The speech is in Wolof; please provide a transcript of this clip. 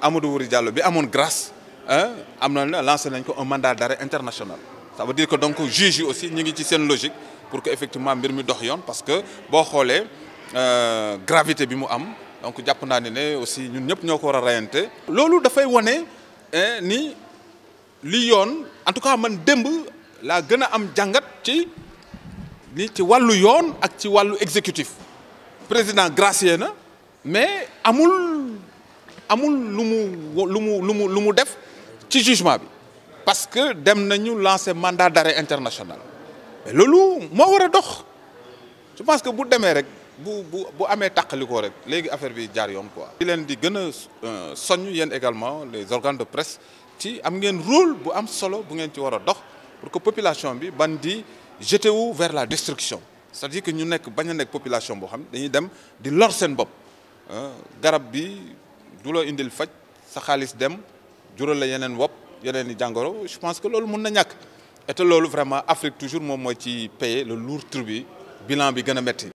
Amadou Wuri Diallo bi amoon grâce am na lancé nañ ko un mandat d'arrêt international ça veut dire que donc juge yi aussi ñu ngi ci seen logique pour que effectivement mbir mi dox yoon parce que boo xoolee euh, gravité bi mu am donc jàpp naa ne ne aussi ñun ñëpp ñoo ko war a loolu dafay wane ni li yoon en tout cas man démb laa gën a am jàngat ci ni ci wàllu yoon ak ci wàllu exécutif président gracier na mais amul amul lu mu lu mu lu mu lu mu def ci jugement bi parce que dem nañu lancer mandat d'arrêt international mais loolu moo war a dox je pense que bu demee rek bu bu bu amee tàqalikoo rek léegi affaire bi jaar yoon quoi. di leen di gën a euh, soññ yéen également les organes de presse ci am ngeen rôle bu am solo bu ngeen ci war a dox pour que population bi ban di jeter wu vers la destruction c'est-à-dire que ñu nekk bañ a nekk population boo xam ne dañuy dem di lor seen bopp euh, garab bi. du loo indil faj sa xaalis dem jural la yeneen wopp yeneen i jàngoro je pense que loolu mun na ñàkk et loolu vraiment Afrique toujours moom mooy ci payer le lourd tribut bilan bi gën a métti.